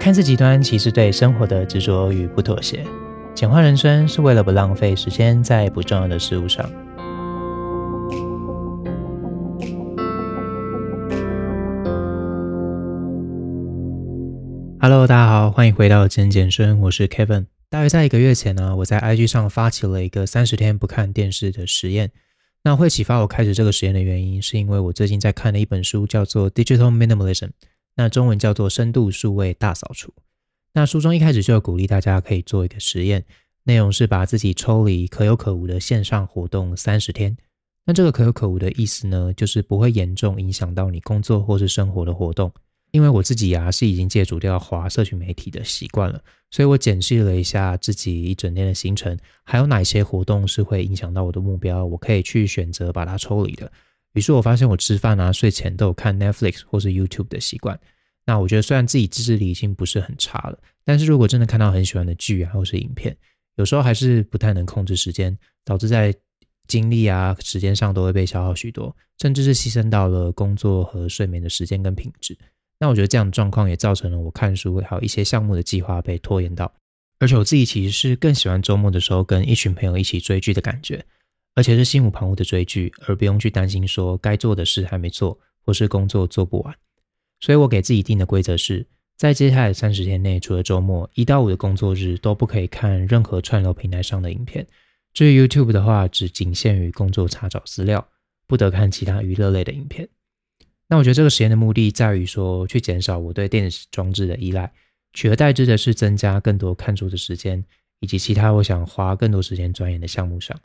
看似極端，其實對生活的執着與不妥協。簡化人生是為了不浪費時間在不重要的事物上。Hello，大家好，歡迎回到極人簡生，我是 Kevin。大約在一個月前呢，我在 IG 上發起了一個三十天不看電視的實驗。那會啟發我開始這個實驗的原因，是因為我最近在看的一本書叫做《Digital Minimalism》。那中文叫做深度數位大掃除。那書中一開始就有鼓勵大家可以做一個實驗，內容是把自己抽離可有可無的線上活動三十天。那這個可有可無的意思呢，就是不會嚴重影響到你工作或是生活的活動。因為我自己呀、啊，是已經戒除掉刷社群媒體的習慣了，所以我檢視了一下自己一整天的行程，還有哪些活動是會影響到我的目標，我可以去選擇把它抽離的。比如說，我發現我吃飯啊、睡前都有看 Netflix 或是 YouTube 的習慣。那我覺得，雖然自己自制力已經不是很差了，但是如果真的看到很喜歡的劇啊，或是影片，有時候還是不太能控制時間，導致在精力啊、時間上都會被消耗許多，甚至是犧牲到了工作和睡眠的時間跟品質。那我覺得這樣的狀況也造成了我看書還有一些項目的計劃被拖延到。而且我自己其實是更喜歡周末的時候跟一群朋友一起追劇的感覺。而且是心無旁騖地追劇，而不用去擔心說該做的事還沒做，或是工作做不完。所以我給自己定的規則是，在接下來的三十天內，除了周末一到五的工作日都不可以看任何串流平台上的影片。至於 YouTube 的話，只僅限於工作查找資料，不得看其他娛樂類的影片。那我覺得這個實驗的目的在於說，去減少我對電子裝置的依賴，取而代之的是增加更多看書的時間，以及其他我想花更多時間鑽研的項目上。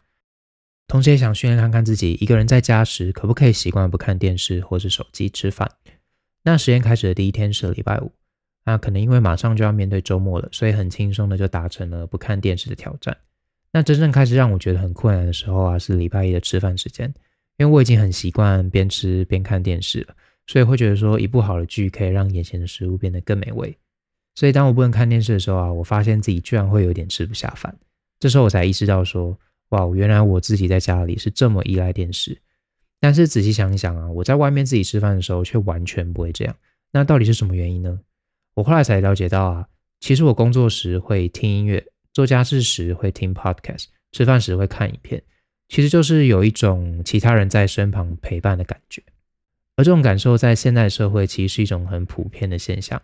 同時也想訓練看看自己一個人在家時可不可以習慣不看電視或者手機吃飯。那實驗開始的第一天是禮拜五，那可能因為馬上就要面對週末了，所以很輕鬆的就達成了不看電視的挑戰。那真正開始讓我覺得很困難的時候啊，是禮拜一的吃飯時間，因為我已經很習慣邊吃邊看電視了，所以會覺得說一部好的劇可以讓眼前的食物變得更美味。所以當我不能看電視的時候啊，我發現自己居然會有點吃不下飯。這時候我才意識到說。哇，原來我自己在家裡是這麼依賴電視，但是仔細想一想啊，我在外面自己吃飯的時候卻完全不會這樣。那到底是什麼原因呢？我後來才了解到啊，其實我工作時會聽音樂，做家事時會聽 podcast，吃飯時會看影片，其實就是有一種其他人在身旁陪伴的感覺。而這種感受在現代社會其實是一種很普遍的現象，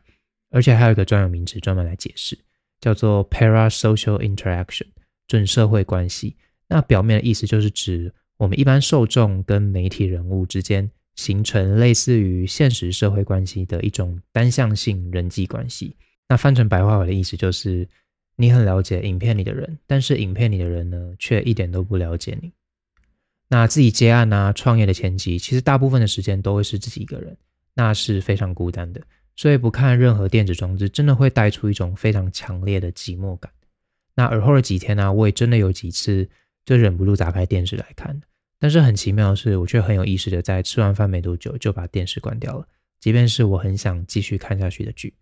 而且還有一個專有名詞專門來解釋，叫做 parasocial interaction，準社會關係。那表面的意思就是指我們一般受眾跟媒體人物之間形成類似於現實社會關係的一種單向性人際關係。那翻成白話文的意思就是，你很了解影片裡的人，但是影片裡的人呢，卻一點都不了解你。那自己接案啊，創業的前期，其實大部分的時間都會是自己一個人，那是非常孤單的。所以不看任何電子裝置，真的會帶出一種非常強烈的寂寞感。那而後的幾天呢、啊，我也真的有幾次，就忍不住打開電視來看，但是很奇妙的是，我卻很有意識的在吃完飯沒多久就把電視關掉了，即便是我很想繼續看下去的劇。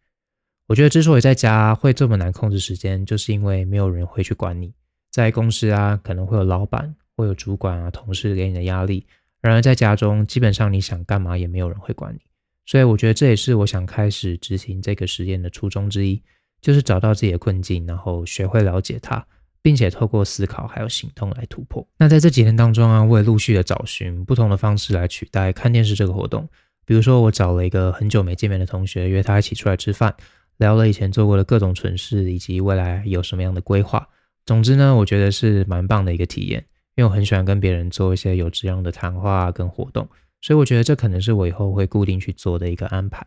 我覺得之所以在家會這麼難控制時間，就是因為沒有人會去管你，在公司啊，可能會有老闆或有主管啊同事給你的壓力，然而在家中，基本上你想幹嘛也沒有人會管你，所以我覺得這也是我想開始執行這個實驗的初衷之一，就是找到自己的困境，然後學會了解它。並且透過思考還有行動來突破。那在這幾天當中啊，我也陸續的找尋不同的方式來取代看電視這個活動。比如說，我找了一個很久沒見面的同學，約他一起出來吃飯，聊了以前做過的各種蠢事，以及未來有什麼樣的規劃。總之呢，我覺得是蠻棒的一個體驗，因為我很喜歡跟別人做一些有質量的談話跟活動。所以我覺得這可能是我以後會固定去做的一個安排。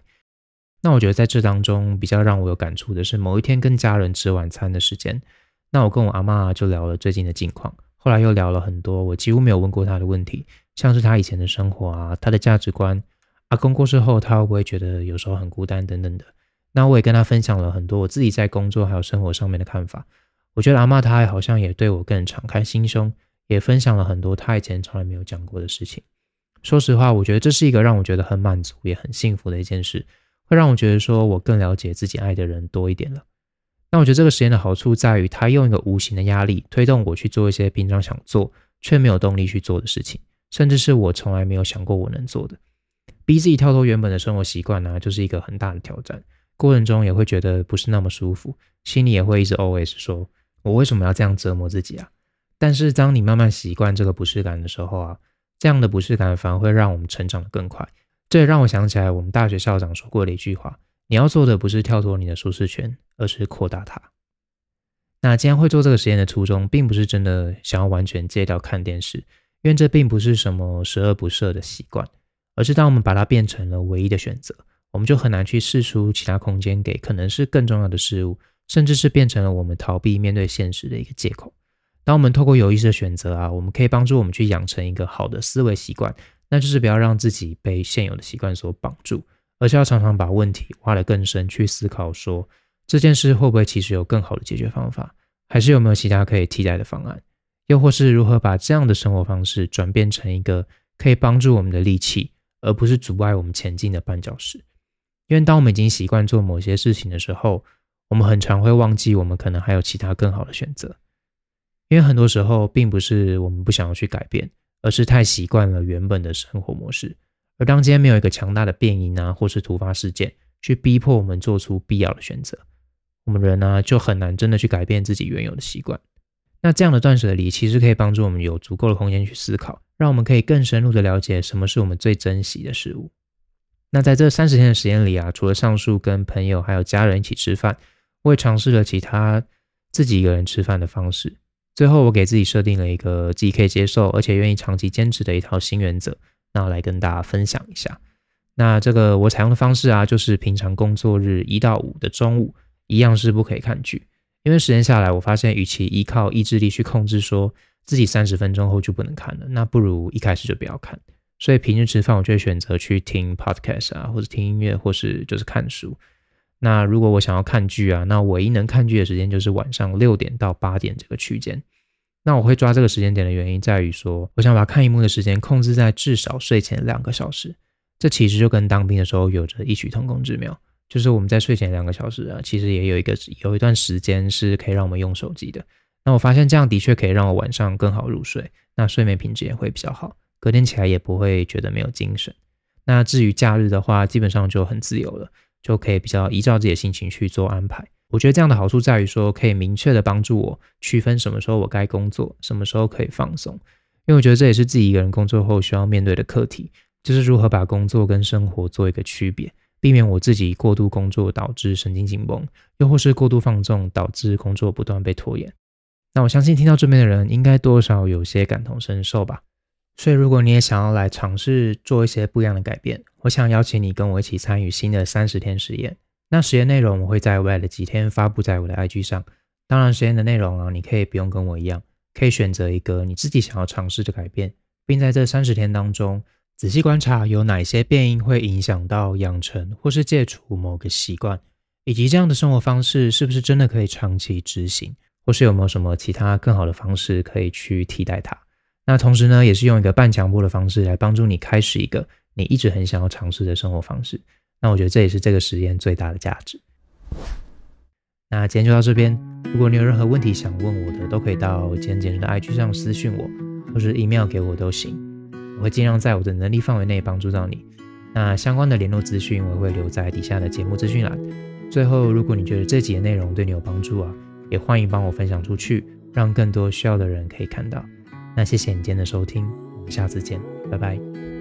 那我覺得在這當中比較讓我有感觸的是，某一天跟家人吃晚餐的時間。那我跟我阿嬤、啊，就聊了最近的近況，後來又聊了很多，我幾乎沒有問過她的問題，像是她以前的生活啊，她的價值觀，阿公過世後她會不會覺得有時候很孤單等等的。那我也跟她分享了很多我自己在工作還有生活上面的看法，我覺得阿嬤她好像也對我更敞開心胸，也分享了很多她以前從來沒有講過的事情。說實話，我覺得這是一個讓我覺得很滿足也很幸福的一件事，會讓我覺得說我更了解自己愛的人多一點了。那我覺得這個實驗的好處在於，它用一個無形的壓力推動我去做一些平常想做卻沒有動力去做的事情，甚至是我從來沒有想過我能做的，逼自己跳脫原本的生活習慣呢、啊，就是一個很大的挑戰。過程中也會覺得不是那麼舒服，心裡也會一直 always 說，我為什麼要這樣折磨自己啊？但是當你慢慢習慣這個不適感的時候啊，這樣的不適感反而會讓我們成長得更快。這也讓我想起來我們大學校長說過的一句話。你要做的不是跳脫你的舒適圈，而是擴大它。那今天會做這個實驗的初衷，並不是真的想要完全戒掉看電視，因為這並不是什麼十惡不赦的習慣，而是當我們把它變成了唯一的選擇，我們就很難去試出其他空間給可能是更重要的事物，甚至是變成了我們逃避面對現實的一個借口。當我們透過有意識的選擇啊，我們可以幫助我們去養成一個好的思維習慣，那就是不要讓自己被現有的習慣所綁住。而是要常常把問題挖得更深，去思考說，這件事會不會其實有更好的解決方法，還是有沒有其他可以替代的方案，又或是如何把這樣的生活方式轉變成一個可以幫助我們的利器，而不是阻礙我們前進的絆腳石。因為，當我們已經習慣做某些事情的時候，我們很常會忘記我們可能還有其他更好的選擇。因為很多時候並不是我們不想要去改變，而是太習慣了原本的生活模式。而當今天沒有一個強大的變因啊，或是突發事件去逼迫我們做出必要的選擇，我們人呢、啊、就很難真的去改變自己原有的習慣。那這樣的斷舍離其實可以幫助我們有足夠的空間去思考，讓我們可以更深入的了解什麼是我們最珍惜的事物。那在這三十天的時間裡啊，除了上述跟朋友還有家人一起吃飯，我也嘗試了其他自己一個人吃飯的方式。最後，我給自己設定了一個自己可以接受而且願意長期堅持的一套新原則。那我來跟大家分享一下，那這個我採用的方式啊，就是平常工作日一到五的中午，一樣是不可以看劇，因為時間下來，我發現與其依靠意志力去控制說，說自己三十分鐘後就不能看了，那不如一開始就不要看。所以平時吃飯，我就會選擇去聽 podcast 啊，或者聽音樂，或是就是看書。那如果我想要看劇啊，那唯一能看劇的時間就是晚上六點到八點這個區間。那我會抓這個時間點的原因在於說，我想把看一幕的時間控制在至少睡前兩個小時。這其實就跟當兵的時候有着異曲同工之妙，就是我們在睡前兩個小時啊，其實也有一個有一段時間是可以讓我們用手機的。那我發現這樣的確可以讓我晚上更好入睡，那睡眠品質也會比較好，隔天起來也不會覺得沒有精神。那至於假日的話，基本上就很自由了，就可以比較依照自己的心情去做安排。我覺得這樣的好處在於說，可以明確地幫助我區分什麼時候我該工作，什麼時候可以放鬆。因為我覺得這也是自己一個人工作後需要面對的課題，就是如何把工作跟生活做一個區別，避免我自己過度工作導致神經緊繃，又或是過度放縱導致工作不斷被拖延。那我相信聽到這邊的人應該多少有些感同身受吧。所以如果你也想要來嘗試做一些不一樣的改變，我想邀請你跟我一起參與新的三十天實驗。那實驗內容我會在未來的幾天發布在我的 IG 上。當然，實驗的內容啊，你可以不用跟我一樣，可以選擇一個你自己想要嘗試的改變，並在這三十天當中仔細觀察有哪些變因會影響到養成或是戒除某個習慣，以及這樣的生活方式是不是真的可以長期執行，或是有沒有什麼其他更好的方式可以去替代它。那同時呢，也是用一個半強迫的方式來幫助你開始一個你一直很想要嘗試的生活方式。那我覺得這也是這個實驗最大的價值。那今天就到這邊，如果你有任何問題想問我的，都可以到今天的 IG 上私訊我，或是 email 給我都行，我會盡量在我的能力範圍內幫助到你。那相關的聯絡資訊我會留在底下的節目資訊欄。最後，如果你覺得這集的內容對你有幫助啊，也歡迎幫我分享出去，讓更多需要的人可以看到。那謝謝你今天的收聽，我們下次見，拜拜。